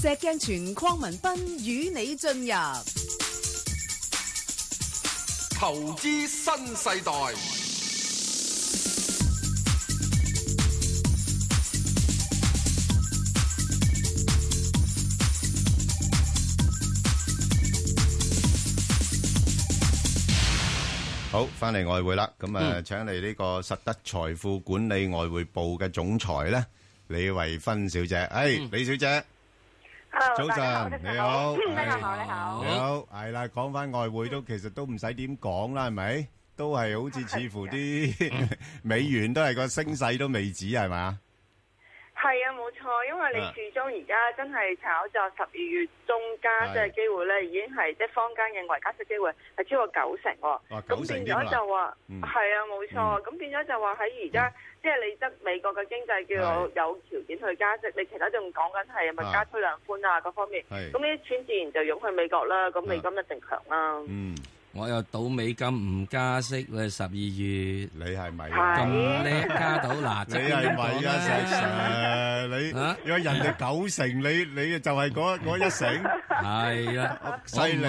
石鏡泉鄺文斌與你進入投資新世代。好，翻嚟外匯啦，咁啊，請嚟呢個實德財富管理外匯部嘅總裁咧，李慧芬小姐。誒，李小姐。Hello，早晨，大家好，你好，你好，你好，係、哎、好啦，講返外匯都其實都唔使點講啦，係咪？ 都係好似似乎啲 美元都係個升勢都未止，係咪？你始終而家真係炒作十二月中加息嘅機會咧，已經係即係坊間認為加息機會係超過九成喎。咁、哦、變咗就話係、嗯、啊，冇錯。咁、嗯、變咗就話喺而家，嗯、即係你得美國嘅經濟叫有條件去加息，嗯、你其他仲講緊係咪加推量寬啊各、啊、方面。咁呢啲錢自然就湧去美國啦。咁美金一定強啦、啊。嗯我又賭美金唔加息咧，十二月你係咪咁？你加到嗱，你係咪啊？你如果人哋九成，你你就係嗰一成，係啦，犀利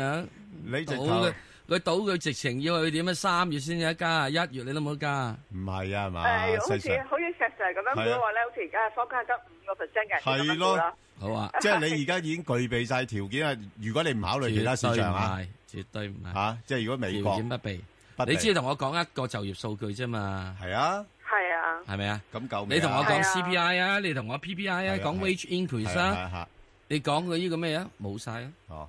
啊你！你直頭。佢賭佢直情要去點樣？三月先至一加，一月你都冇加，唔係啊嘛？誒，好似好似石石咁樣講話咧，好似而家房價得五個 percent 嘅，係咯，好啊，即係你而家已經具備晒條件啊！如果你唔考慮其他市場啊，絕對唔係，絕對唔係吓，即係如果美國，條件必備，你只係同我講一個就業數據啫嘛，係啊，係啊，係咪啊？咁久，你同我講 CPI 啊，你同我 PPI 啊，講 wage increase 啊，你講佢呢個咩啊？冇晒啊！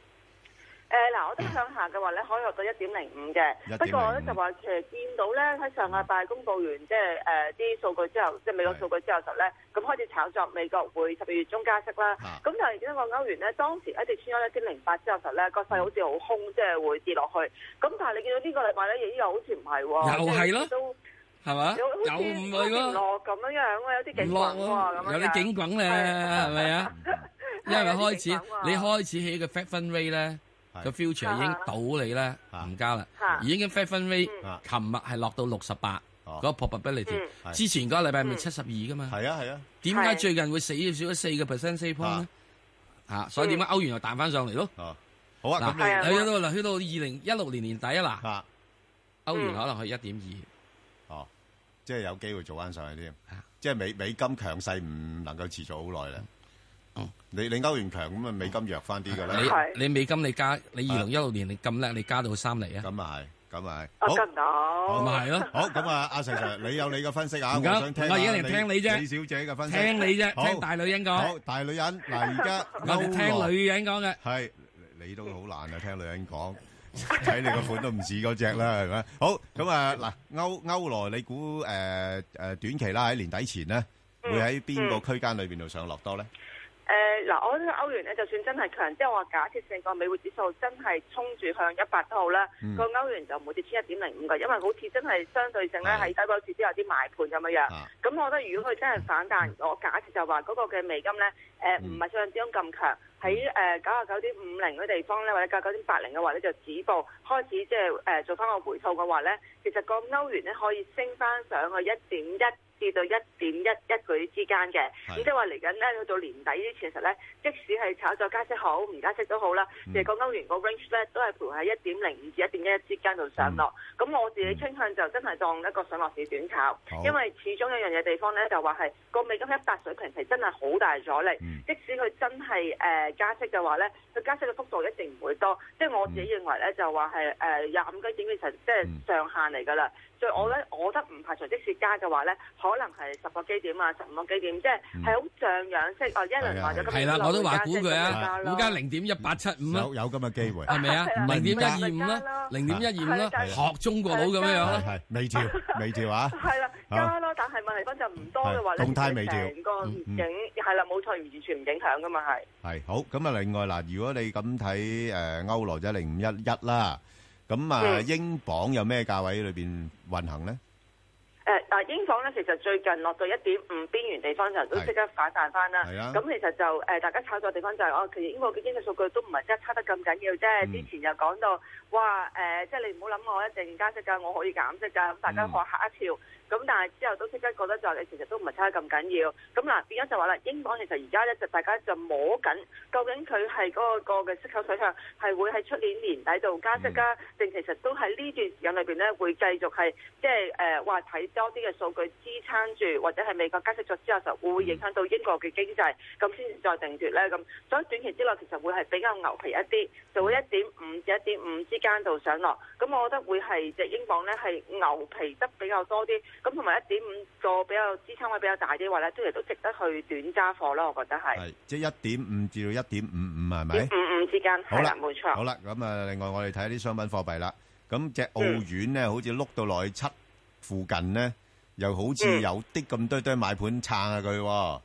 誒嗱，我都向下嘅話咧，可以落到一點零五嘅。不過咧就話其實見到咧喺上個禮拜公佈完即係誒啲數據之後，即係美國數據之後嘅時候咧，咁開始炒作美國會十二月中加息啦。咁但係見到個歐元咧當時一直穿咗一點零八之後實咧個勢好似好空，即係會跌落去。咁但係你見到呢個禮拜咧，又好似唔係喎，又係咯，係嘛？又唔係喎，咁樣樣有啲警棍有啲警棍咧，係咪啊？因為開始你開始起個 fat fund rate 咧。個 future 已經倒你咧，唔加啦，已經 f i 分位，琴日係落到六十八，嗰個 probability。之前嗰個禮拜咪七十二噶嘛，係啊係啊，點解最近會死少咗四個 percent？四 point 咧，吓，所以點解歐元又彈翻上嚟咯？哦，好啊，咁你去到嗱去到二零一六年年底啊嗱，歐元可能去一點二，哦，即係有機會做翻上去添，即係美美金強勢唔能夠持續好耐啦。嗯，你你歐元強咁啊，美金弱翻啲嘅咧。你你美金你加，你二零一六年你咁叻，你加到三厘啊？咁啊係，咁啊係。好，咁啊，阿成成，你有你嘅分析啊，我想聽下。我依家嚟聽你啫，李小姐嘅分析。聽你啫，聽大女人講。好，大女人嗱，而家歐。我聽女人講嘅。係，你都好難啊！聽女人講，睇你個款都唔似嗰隻啦，係咪？好，咁啊嗱，歐歐羅，你估誒誒短期啦，喺年底前咧，會喺邊個區間裏邊度上落多咧？誒嗱、呃，我覺得歐元咧，就算真係強，即係我假設成個美匯指數真係衝住向一百都好咧，個、嗯、歐元就冇跌穿一點零五嘅，因為好似真係相對性咧，喺低波時都有啲埋盤咁樣樣。咁、啊、我覺得如果佢真係反彈，我假設就話嗰個嘅美金咧，誒唔係像之前咁強，喺誒九啊九點五零嘅地方咧，或者九十九點八零嘅話咧，就止步開始即係誒做翻個回吐嘅話咧，其實個歐元咧可以升翻上去一點一。至到一點一一舉之間嘅，咁是的 即係話嚟緊咧，去到年底呢，其實咧，即使係炒作加息好，唔加息都好啦，嗯、其實個歐元個 range 咧都係徘徊喺一點零五至一點一一之間度上落。咁、嗯、我自己傾向就真係當一個上落市短炒，好的 因為始終有一樣嘢地方咧，就話係個美金一百水平係真係好大阻力。嗯、即使佢真係誒加息嘅話咧，佢加息嘅幅度一定唔會多。嗯、即係我自己認為咧，就話係誒廿五基點嘅實即係上限嚟㗎啦。嗯對我咧，我覺得唔排除即使加嘅話咧，可能係十個基點啊，十五個基點，即係係好象徵式。哦，一輪話咗我都話估佢啊，加零點一八七五啊！有有咁嘅機會係咪啊？零點一二五啦，零點一二五啦，學中國佬咁樣樣。係未調，未調啊！係啦，加咯，但係問題就唔多嘅話咧，動態未調係啦，冇錯，完全唔影響噶嘛係。係好咁啊！另外嗱，如果你咁睇誒歐羅一零五一一啦。咁啊，英鎊有咩價位裏邊運行咧？誒，嗱，英鎊咧，其實最近落到一點五邊緣地方就都即刻反彈翻啦。咁其實就誒，大家炒作地方就係、是、哦，其實英國嘅經濟數據都唔係真係差得咁緊要啫。之前又講到、嗯、哇，誒、呃，即係你唔好諗我一定加息㗎，我可以減息㗎，咁大家話嚇一跳。嗯咁但係之後都即刻覺得就係其實都唔係差得咁緊要，咁嗱變咗就話啦，英鎊其實而家咧就大家就摸緊，究竟佢係嗰個嘅、嗰個、息口水向係會喺出年年底度加息啊，定其實都喺呢段時間裏面咧會繼續係即係誒話睇多啲嘅數據支撐住，或者係美國加息咗之後就會影響到英國嘅經濟，咁先至再定奪咧咁，所以短期之內其實會係比較牛皮一啲，就會一點一點五之間度上落，咁我覺得會係隻英鎊咧係牛皮得比較多啲，咁同埋一點五個比較支撐位比較大啲話咧，都亦都值得去短揸貨咯，我覺得係。係即係一點五至到一點五五係咪？五五之間。好啦，冇錯。沒錯好啦，咁啊，另外我哋睇啲商品貨幣啦，咁隻澳元咧，好似碌到落去七附近咧，又好似有啲咁堆堆買盤撐下佢。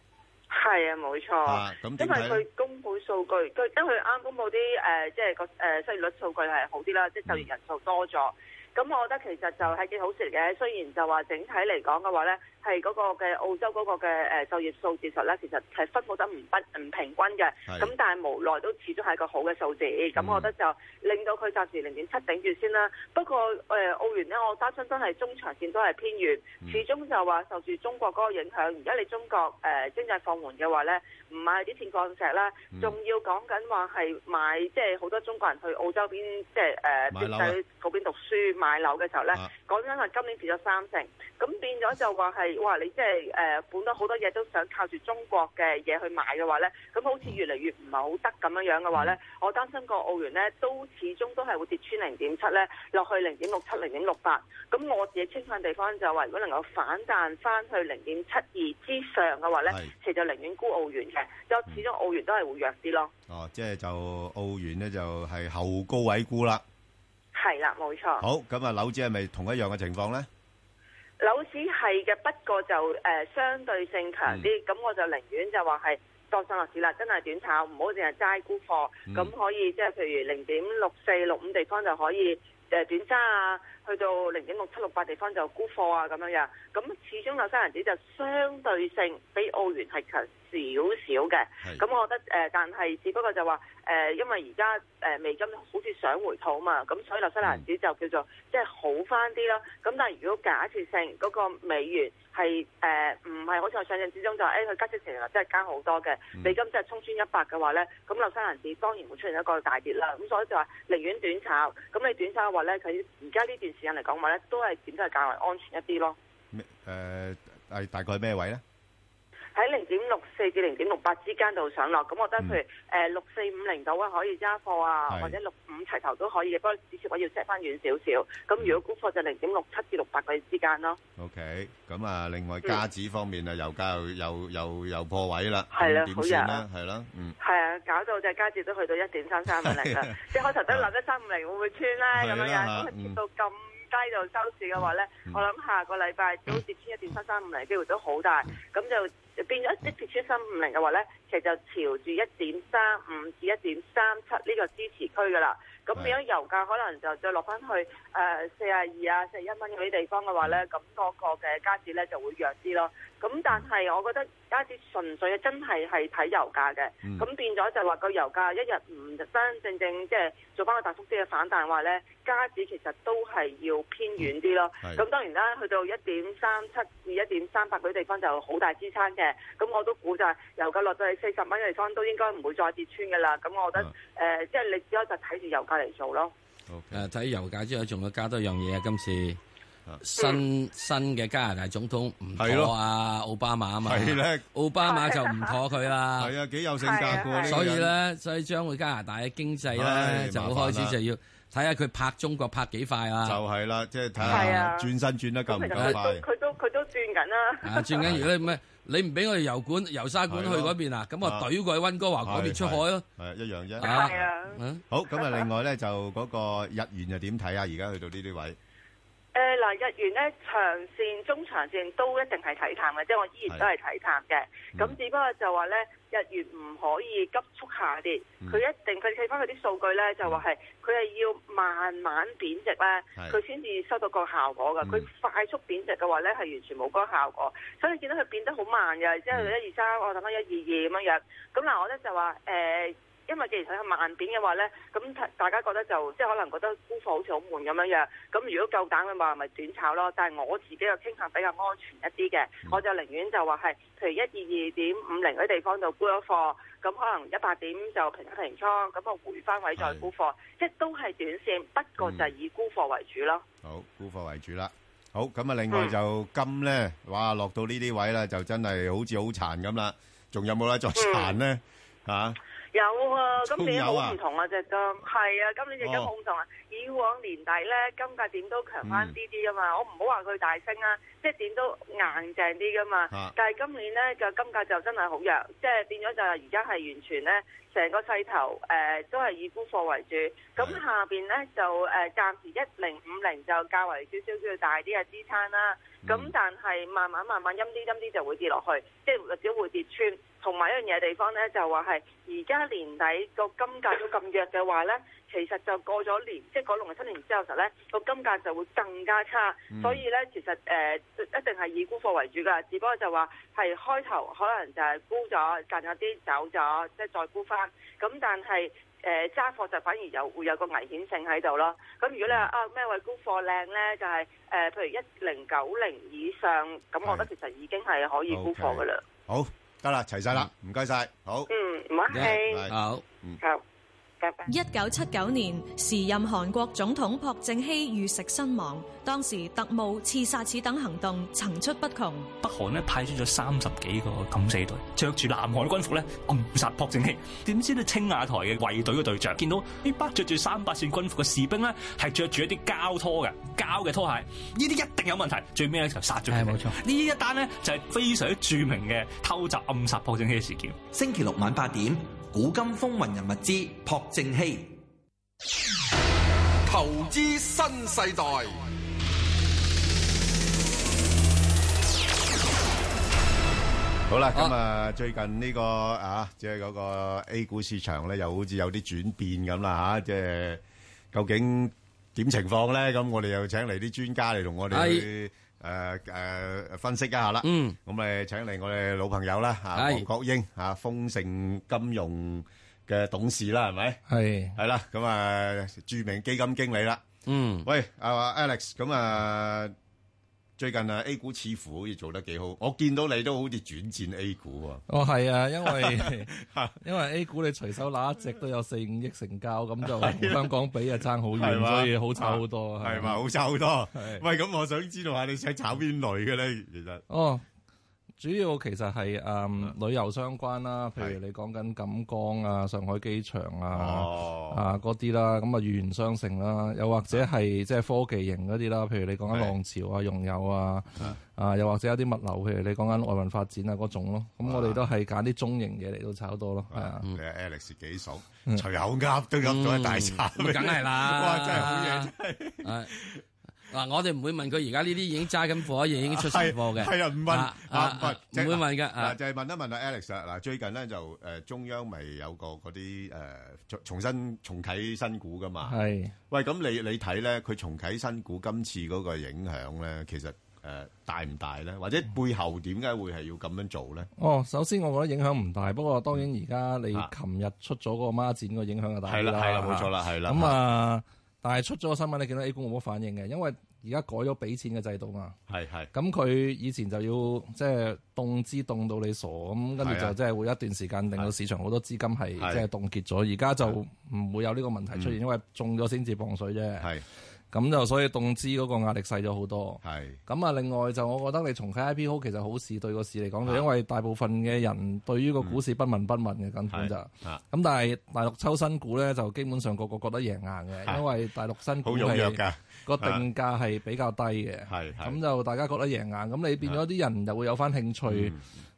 係啊，冇錯、啊、因為佢公布數據，佢因佢啱公布啲，誒，即係個誒失業率數據係好啲啦，即係就業人數多咗。咁我覺得其實就係幾好事嚟嘅，雖然就話整體嚟講嘅話咧。係嗰個嘅澳洲嗰個嘅誒就業數字實呢，實咧其實係分布得唔不唔平均嘅。咁是但係無奈都始終係一個好嘅數字。咁、嗯、我覺得就令到佢暫時零點七頂住先啦。不過誒、呃、澳元咧，我擔心真係中長線都係偏軟。嗯、始終就話受住中國嗰個影響。而家你中國誒經濟放緩嘅話咧，唔買啲鐵礦石啦，仲、嗯、要講緊話係買，即係好多中國人去澳洲邊，即係誒去嗰邊讀書買樓嘅時候咧，講緊話今年跌咗三成，咁變咗就話係。話你即係誒，本來多好多嘢都想靠住中國嘅嘢去買嘅話咧，咁好似越嚟越唔係好得咁樣樣嘅話咧，嗯，我擔心個澳元咧都始終都係會跌穿零點七咧，落去零點六七、零點六八。咁我自己傾向地方就話，如果能夠反彈翻去零點七二之上嘅話咧，是其實就寧願沽澳元嘅，就始終澳元都係會弱啲咯。哦，即係就澳元咧就係後高位沽啦。係啦，冇錯。好，咁啊，紐紙係咪同一樣嘅情況咧？樓市係嘅，不過就誒、呃、相對性強啲，咁、嗯、我就寧願就話係當上落市啦，真係短炒，唔好淨係齋沽貨，咁、嗯、可以即係譬如零點六四、六五地方就可以誒、呃、短揸啊。去到零點六七六八地方就沽貨啊，咁樣樣，咁始終紐西蘭紙就相對性比澳元係強少少嘅。咁的我覺得誒、呃，但係只不過就話誒、呃，因為而家誒美金好似想回吐嘛，咁所以紐西蘭紙就叫做、嗯、即係好翻啲啦。咁但係如果假設性嗰、那個美元係誒唔係好似我想像之中就誒佢、哎、加息成日真係加好多嘅，嗯、美金即係沖穿一百嘅話咧，咁紐西蘭紙當然會出現一個大跌啦。咁所以就話寧願短炒，咁你短炒嘅話咧，佢而家呢段。時間嚟講，話咧，都係點都係較為安全一啲咯。咩？誒誒，大概咩位咧？喺零點六四至零點六八之間度上落，咁我覺得譬如誒六四五零度可以揸貨啊，或者六五齊頭都可以，不過指數位要 set 翻遠少少。咁如果沽貨就零點六七至六八嘅之間咯。OK，咁啊，另外加指方面啊，油價又又又又破位啦，係啦，好熱啊，係咯，嗯，係啊，搞到隻加指都去到一點三三五零啦，即係開頭都諗一三五零會唔會穿咧咁樣樣，咁係跌到咁。低到收市嘅話咧，我諗下個禮拜都跌穿一點三三五零，機會都好大。咁就變咗一跌穿三五零嘅話咧，其實就朝住一點三五至一點三七呢個支持區噶啦。咁變咗油價可能就再落翻去誒四廿二啊四十一蚊嗰啲地方嘅話咧，咁個個嘅加值咧就會弱啲咯。咁但係，我覺得家子純粹真係係睇油價嘅，咁、嗯、變咗就話個油價一日唔真真正正即係做翻個大幅啲嘅反彈話呢，家子其實都係要偏遠啲咯。咁、嗯、當然啦，去到一點三七至一點三八嗰啲地方就好大支撐嘅。咁我都估就係油價落到去四十蚊嘅地方都應該唔會再跌穿㗎啦。咁我覺得即係、嗯呃就是、你只可以就睇住油價嚟做咯。好睇油價之後仲要加多樣嘢啊，今次。新新嘅加拿大總統唔妥啊，奧巴馬啊嘛，係咧，奧巴馬就唔妥佢啦。係啊，幾有性格㗎。所以咧，所以將會加拿大嘅經濟咧就開始就要睇下佢拍中國拍幾快啊。就係啦，即係睇下轉身轉得夠唔夠快。佢都佢都轉緊啦。轉緊如果，你唔俾我哋油管、油砂管去嗰邊啊？咁我對過去溫哥華嗰邊出海咯。係一樣嘢啊。好咁啊，另外咧就嗰個日元又點睇啊？而家去到呢啲位。誒嗱、呃，日元咧長線、中長線都一定係睇淡嘅，即係我依然都係睇淡嘅。咁的只不過就話咧，日元唔可以急速下跌，佢、嗯、一定佢睇翻佢啲數據咧，就話係佢係要慢慢貶值咧，佢先至收到個效果㗎。佢、嗯、快速貶值嘅話咧，係完全冇嗰個效果。所以見到佢變得好慢㗎，嗯、即係一二三，我等翻一二二咁樣樣。咁嗱，我咧就話誒。呃因為既然佢係慢點嘅話咧，咁大家覺得就即係可能覺得沽貨好似好悶咁樣樣。咁如果夠膽嘅話，咪短炒咯。但係我自己又傾向比較安全一啲嘅，我就寧願就話係譬如一二二點五零嗰啲地方就沽咗貨。咁可能一百點就平一平倉，咁我回翻位再沽貨，即係都係短線，不過就係以沽貨為主咯。好，沽貨為主啦。好，咁啊，另外就金咧，哇，落到呢啲位啦，就真係好似好殘咁啦。仲有冇得再殘咧？嚇？有啊，今年好唔同啊隻金，係啊，啊，今年隻金好唔同啊。哦、以往年底咧，金價點都強翻啲啲噶嘛，嗯、我唔好話佢大升啦，啊，即係點都硬淨啲噶嘛。啊，但係今年咧，就金價就真係好弱，即係變咗就係而家係完全咧，成個勢頭誒、呃、都係以沽貨為主。咁下邊咧就誒暫、呃、時一零五零就較為少少叫大啲嘅支撐啦。咁、嗯、但係慢慢慢慢陰啲陰啲就會跌落去，即係只會跌穿。同埋一樣嘢地方咧，就話係而家年底個金價都咁弱嘅話咧，其實就過咗年，即係過六七年之後時候咧，個金價就會更加差。所以咧，其實誒、呃、一定係以沽貨為主㗎，只不過就話係開頭可能就係沽咗，賺咗啲走咗，即、就、係、是、再沽翻。咁但係。誒揸貨就反而有會有個危險性喺度咯。咁如果你話啊咩位沽貨靚呢，就係誒譬如一零九零以上，咁我覺得其實已經係可以沽貨㗎喇。好得啦，齊曬啦，唔該曬，好。嗯，唔好客氣。好，好。一九七九年，時任韓國總統朴正熙遇刺身亡。當時特務刺殺此等行動層出不窮。北韓咧，派出咗三十幾個敢死隊着住南韓軍服咧，暗殺朴正熙。點知呢，青瓦台嘅衛隊嘅隊長見到呢，北着住三百線軍服嘅士兵咧，係着住一啲膠拖嘅膠嘅拖鞋，呢啲一定有問題。最尾咧，就殺咗佢。係冇錯。呢一單呢就係非常著名嘅偷襲暗殺朴正熙嘅事件。星期六晚八點。古今風雲人物之朴正熙，投資新世代。好啦，咁啊，最近呢個啊，即係嗰個 A 股市場咧，又好似有啲轉變咁啦吓，即係究竟點情況咧？咁我哋又請嚟啲專家嚟同我哋。誒誒分析一下啦，嗯，咁誒請嚟我哋老朋友啦，啊，黃國英啊，豐盛金融嘅董事啦，係咪？係係啦，咁啊著名基金經理啦，嗯，喂，啊 Alex，咁啊。最近啊，A 股似乎好似做得幾好，我見到你都好似轉戰 A 股喎，啊。哦，係啊，因為 因為 A 股你隨手攞一隻都有四五億成交，咁就香港比啊爭好遠，嗎所以好差好多係咪，啊啊？好差好多。啊、喂，咁我想知道下你想炒邊類嘅咧？其實哦。主要其實係誒旅遊相關啦，譬如你講緊錦江啊、上海機場啊、啊嗰啲啦，咁啊源相成啦，又或者係即係科技型嗰啲啦，譬如你講緊浪潮啊、用友啊，啊又或者有啲物流，譬如你講緊外運發展啊嗰種咯，咁我哋都係揀啲中型嘢嚟到炒多咯。係啊，你 Alex 幾熟？隨口噏都咁到大扎，梗係啦，哇真係好嘢！嗱，我哋唔會問佢而家呢啲已經揸緊貨亦已經出曬貨嘅，係啊，唔問，唔會問噶。就係問一問啊 Alex 嗱，最近咧就中央咪有個嗰啲重新重啓新股噶嘛？係。喂，咁你你睇咧，佢重啟新股今次嗰個影響咧，其實大唔大咧？或者背後點解會係要咁樣做咧？哦，首先我覺得影響唔大，不過當然而家你琴日出咗嗰個孖展個影響係大啲啦。係啦，係啦，冇錯啦，係啦。咁啊，但係出咗個新聞，你見到 A 股冇乜反應嘅，因為而家改咗俾錢嘅制度嘛，係係，咁佢以前就要即係凍資凍到你傻咁，跟住就即係會一段時間令到市場好多資金係即係凍結咗，而家就唔會有呢個問題出現，的因為中咗先至磅水啫。係。咁就所以動資嗰個壓力細咗好多。係。咁啊，另外就我覺得你重啟 IPO 好，其實好事對個市嚟講，就因為大部分嘅人對於個股市不聞不問嘅根本就。咁但係大陸抽新股咧，就基本上個個覺得贏硬嘅，因為大陸新股係個定價係比較低嘅。係咁就大家覺得贏硬，咁你變咗啲人又會有翻興趣，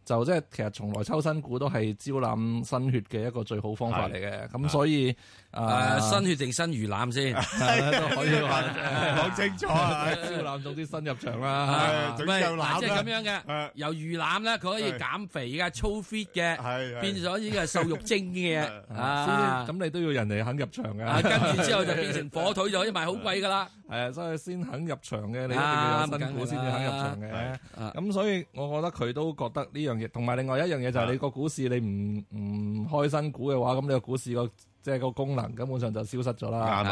就即係其實從來抽新股都係招攬新血嘅一個最好方法嚟嘅。咁所以。誒，新血定新魚腩先，都可以講清楚。招攬到啲新入場啦，即係咁樣嘅。由魚腩咧，佢可以減肥嘅，粗 fit 嘅，變咗呢個瘦肉精嘅啊。咁你都要人哋肯入場嘅，跟住之後就變成火腿，就可以賣好貴噶啦。係啊，所以先肯入場嘅，你要有新股先至肯入場嘅。咁所以我覺得佢都覺得呢樣嘢，同埋另外一樣嘢就係你個股市，你唔唔開新股嘅話，咁你個股市個。即係個功能根本上就消失咗啦，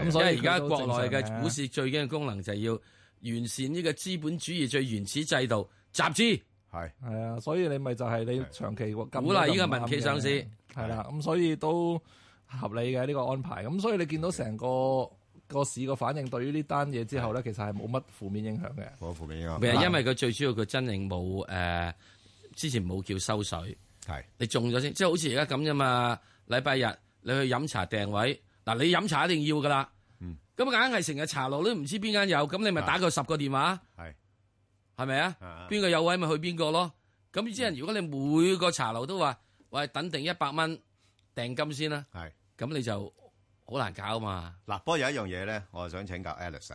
咁所以而家國內嘅股市最緊嘅功能就係要完善呢個資本主義最原始制度集資，係啊，所以你咪就係你長期好啦，依家民企上市係啦，咁所以都合理嘅呢、呢個安排。咁所，所以你見到成個個市個反應，對於呢單嘢之後咧，其實係冇乜負面影響嘅，冇負面影響，咪因為佢最主要佢真正冇、呃、之前冇叫收水係對你中咗先，即係好似而家咁啫嘛。禮拜日。你去飲茶訂位，嗱你飲茶一定要噶啦，咁硬係成日茶樓都唔知邊間有，咁你咪打個十個電話，係的，係咪啊？邊的個有位咪去邊個咯？咁啲人如果你每個茶樓都話，喂等定一百蚊訂金先啦，啊，咁的你就好難搞啊嘛。嗱，不過有一樣嘢咧，我想請教 Alex，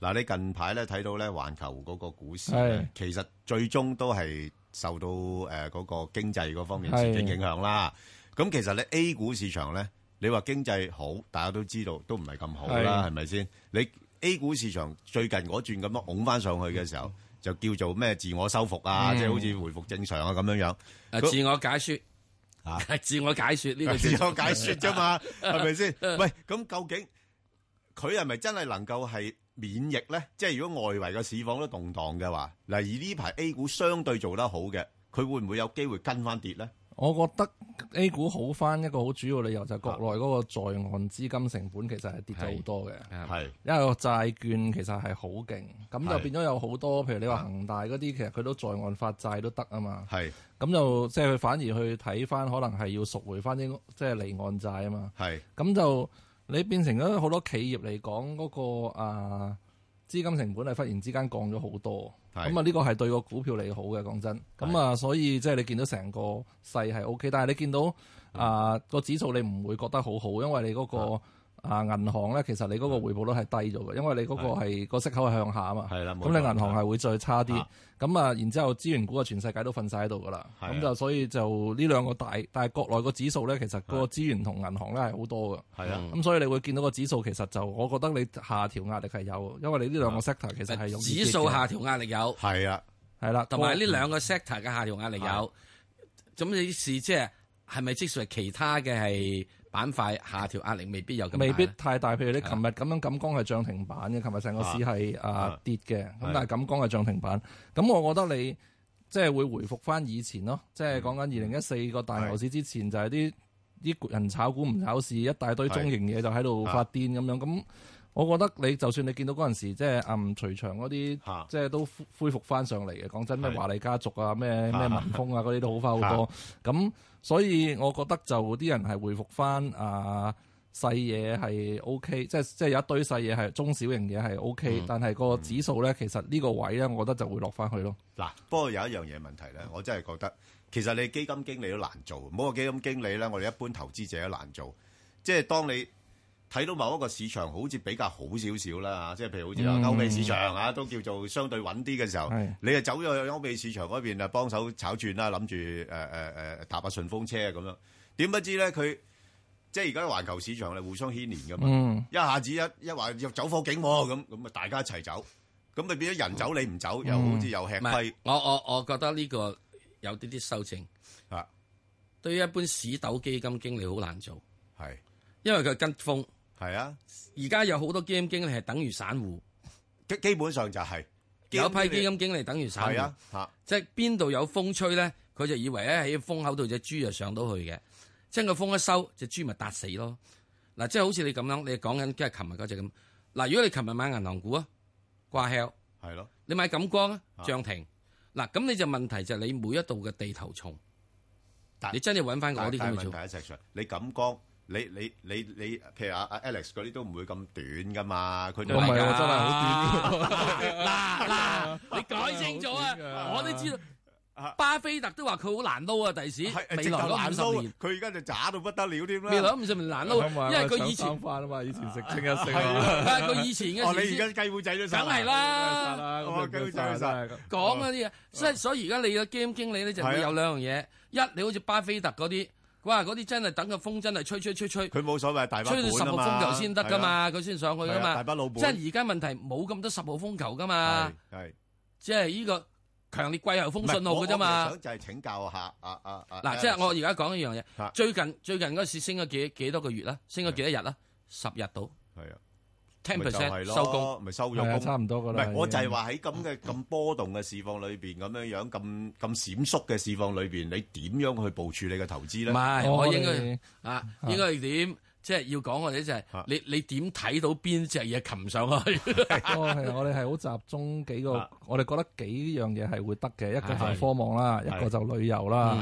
嗱你近排咧睇到咧環球嗰個股市的其實最終都係受到嗰個經濟嗰方面刺激影響啦。咁其實你 A 股市場咧，你話經濟好，大家都知道都唔係咁好啦，係咪先？你 A 股市場最近嗰轉咁樣拱翻上去嘅時候，就叫做咩自我修復啊？即係好似回復正常啊咁樣樣。自我解說啊，自我解說呢個自我解說啫嘛，係咪先？喂，咁究竟佢係咪真係能夠係免疫咧？即係如果外圍個市況都動盪嘅話，嗱而呢排 A 股相對做得好嘅，佢會唔會有機會跟翻跌咧？我覺得 A 股好翻一個好主要理由，就係國內嗰個在岸資金成本其實係跌咗好多嘅，係因為個債券其實係好勁，咁是就變咗有好多，譬如你話恒大嗰啲，是其實佢都在岸發債都得啊嘛，係咁是就即係佢反而去睇翻，可能係要贖回翻啲即係離岸債啊嘛，係咁是就你變成咗好多企業嚟講嗰個啊資金成本係忽然之間降咗好多。咁啊，呢個係對個股票利好嘅，講真。咁是啊，所以即係你見到成個勢係 OK，但係你見到啊、呃嗰個指數你唔會覺得好好，因為你嗰、嗰個。嗯啊，銀行咧，其實你嗰個回報率係低咗嘅，因為你嗰個係個息口係向下啊嘛。係啦，咁你銀行係會再差啲。咁啊，然之後資源股啊，全世界都瞓晒喺度㗎啦。咁就所以就呢兩個大，但係國內個指數咧，其實個資源同銀行咧係好多㗎。係啊，咁所以你會見到個指數其實就，我覺得你下調壓力係有，因為你呢兩個 sector 其實係用指數下調壓力有。係啊，係啦，同埋呢兩個 sector 嘅下調壓力有。咁你事即係係咪即係其他嘅係？板塊下調壓力未必有咁，未必太大。譬如你琴日咁樣，錦江係漲停板嘅，琴日成個市係啊跌嘅，咁、啊、但係錦江係漲停板。咁的我覺得你即係會回復翻以前咯，即係講緊二零一四個大牛市之前，就係啲啲人炒股唔炒市，的一大堆中型嘢就喺度發癲咁樣咁。我覺得你就算你見到嗰陣時，即係暗徐翔嗰啲即係都恢復翻上嚟嘅。講真，咩華麗家族啊，咩咩文峰啊，嗰啲、啊啊、都好翻好多。咁、啊、所以，我覺得就啲人係恢復翻啊細嘢係 O K，即係即係有一堆細嘢係中小型嘢係 O K，但係個指數咧，嗯、其實呢個位咧，我覺得就會落翻去咯。嗱，不過有一樣嘢問題咧，我真係覺得其實你基金經理都難做，唔好話基金經理咧，我哋一般投資者都難做。即係當你，睇到某一個市場好似比較好少少啦，即係譬如好似歐美市場嚇，嗯、都叫做相對穩啲嘅時候，是你啊走咗去歐美市場嗰邊啊幫手炒轉啦，諗住誒誒誒搭下順風車咁樣，點不知咧佢即係而家環球市場係互相牽連嘅嘛、嗯，一下子一一話要走火警咁咁啊，大家一齊走，咁咪變咗人走你唔走，嗯、又好似又吃虧。我我我覺得呢個有啲啲修正，嚇、啊，對於一般市竇基金經理好難做，係是因為佢跟風。係啊，而家有好多基金經理係等於散戶，基本上就係、是、有批基金經理等於散戶，係即係邊度有風吹咧，佢就以為咧喺風口度隻豬就上到去嘅，真個風一收隻豬咪笪死咯。嗱、啊，即、就、係、是、好似你咁樣，你講緊即係琴日嗰隻咁。嗱、啊，如果你琴日買銀行股啊，掛 sell，係咯，你買錦江啊，漲停，嗱、啊，咁、啊、你就問題就係你每一度嘅地頭蟲但，你真係揾翻嗰啲咁樣做。大問題喺石上，你錦江。你你你你，譬如阿阿 Alex 嗰啲都唔會咁短噶嘛？佢就唔係喎，真係好短。嗱嗱，你改正咗啊！我都知道，巴菲特都話佢好難撈啊！第時未來嗰五十年，佢而家就渣到不得了添啦。未來唔五十年難撈，因為佢以前啊，以前食清一色，佢以前嘅事。你而家雞烏仔都曬。梗係啦，我雞烏仔都曬。講嗰啲嘢，所以所以而家你個 game 經理咧就有兩樣嘢，一你好似巴菲特嗰啲。哇，嗰啲真係等個風真係吹，吹吹吹吹，佢冇所謂大老本吹到十號風球先得噶嘛，佢先、啊、上去噶嘛，啊、大老本即係而家問題冇咁多十號風球噶嘛。即係呢個強烈季候風信號嘅啫嘛。我，我想就係請教下啊啊啊！嗱、啊，啊啊、即係我而家講一樣嘢、啊，最近最近嗰時升咗幾幾多個月啦，升咗幾多日啦？啊、十日到。啊。percent 係咯，收工咪收咗工，差唔多噶啦。唔係，我就係話喺咁嘅咁波動嘅市況裏邊，咁樣樣咁咁閃縮嘅市況裏邊，你點樣去部署你嘅投資咧？唔係，我應該啊，應該係點？即係要講我哋就係你，你點睇到邊隻嘢擒上去？係啊，我哋係好集中幾個，我哋覺得幾樣嘢係會得嘅，一個就科網啦，一個就旅遊啦。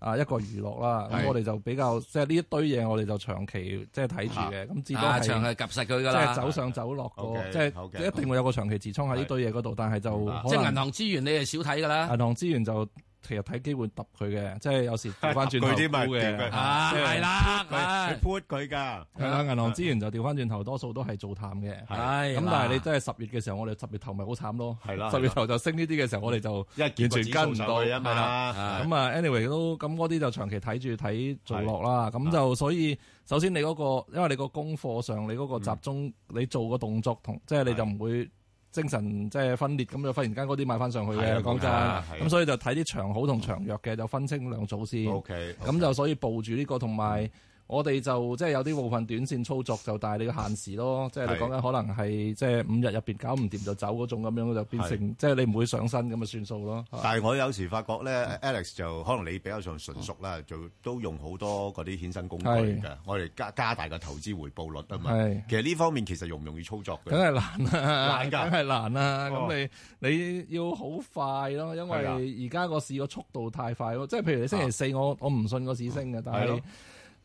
啊一個娛樂啦，咁是我哋就比較即係呢一堆嘢，我哋就長期即係睇住嘅，咁、就、至、是啊、多係、啊、長期夾實佢㗎啦，即係走上走落個，即係一定會有個長期持倉喺呢堆嘢嗰度，的但係就即係、啊、銀行資源你係少睇㗎啦，銀行資源就。其實睇機會揼佢嘅，即係有時調翻轉頭嘅，係啦，你 put 佢㗎，銀行資源就調翻轉頭，多數都係做淡嘅，係。咁但係你真係十月嘅時候，我哋十月頭咪好慘咯，係啦。十月頭就升呢啲嘅時候，我哋就完全跟唔到啊啦。咁啊，anyway 都咁嗰啲就長期睇住睇做落啦。咁就所以，首先你嗰個，因為你個功課上你嗰個集中，你做個動作同，即係你就唔會。精神即係分裂，咁就忽然間嗰啲買翻上去嘅、啊、講真，咁、啊啊、所以就睇啲長好同長弱嘅，嗯、就分清兩組先。OK，咁就所以部署呢個同埋。我哋就即係有啲部分短線操作，就帶你嘅限時咯，即係你講緊可能係即係五日入邊搞唔掂就走嗰種咁樣，就變成即係你唔會上身咁啊，算數咯。但係我有時發覺咧，Alex 就可能你比較上純熟啦，就都用好多嗰啲衍生工具嘅，我哋加加大個投資回報率啊嘛。其實呢方面其實容唔容易操作嘅？梗係難啦，梗係難啦。咁你你要好快咯，因為而家個市個速度太快咯，即係譬如你星期四，我我唔信個市升嘅，但係。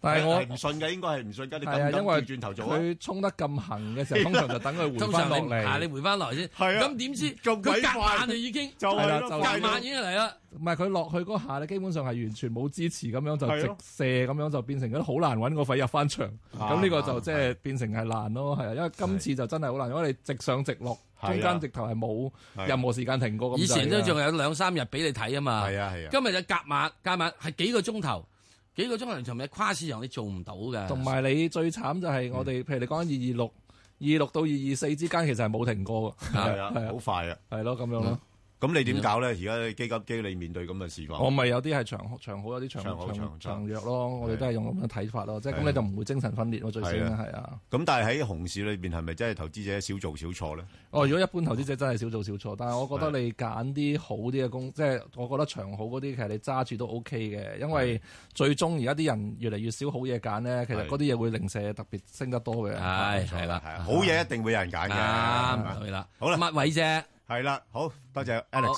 但係我唔信嘅，應該係唔信，跟住等等跌轉頭做，因為佢衝得咁行嘅時候，的通常就等佢回翻落嚟。你回翻落嚟先。係啊的。咁點知？佢隔晚就已經就隔晚已經嚟啦。唔係佢落去嗰下基本上係完全冇支持咁樣，就直射咁樣，就變成好難揾個肺入翻場。咁呢的個就即係變成係難咯。係啊，因為今次就真係好難。因為你直上直落，中間直頭係冇任何時間停過。的就是、以前都仲有兩三日俾你睇啊嘛。係啊係啊。今日就隔晚，隔晚係幾個鐘頭。幾個鐘頭就唔係跨市場，你做唔到嘅。同埋你最慘就係我哋，嗯、譬如你講緊二二六、二六到二二四之間，其實係冇停過㗎，係啊，係啊，好快啊，係咯，咁樣咯。咁你點搞咧？而家基金經理你面對咁嘅市況，我咪有啲係長長好，有啲長長弱咯。我哋都係用咁嘅睇法咯。即係咁，你就唔會精神分裂咯。最先係啊。咁但係喺熊市裏邊，係咪真係投資者少做少錯咧？哦，如果一般投資者真係少做少錯，但係我覺得你揀啲好啲嘅公，即係我覺得長好嗰啲，其實你揸住都 OK 嘅。因為最終而家啲人越嚟越少好嘢揀咧，其實嗰啲嘢會零舍特別升得多嘅。係係啦，好嘢一定會有人揀嘅。去啦，好啦，乜位啫。係啦，好多謝好好 Alex。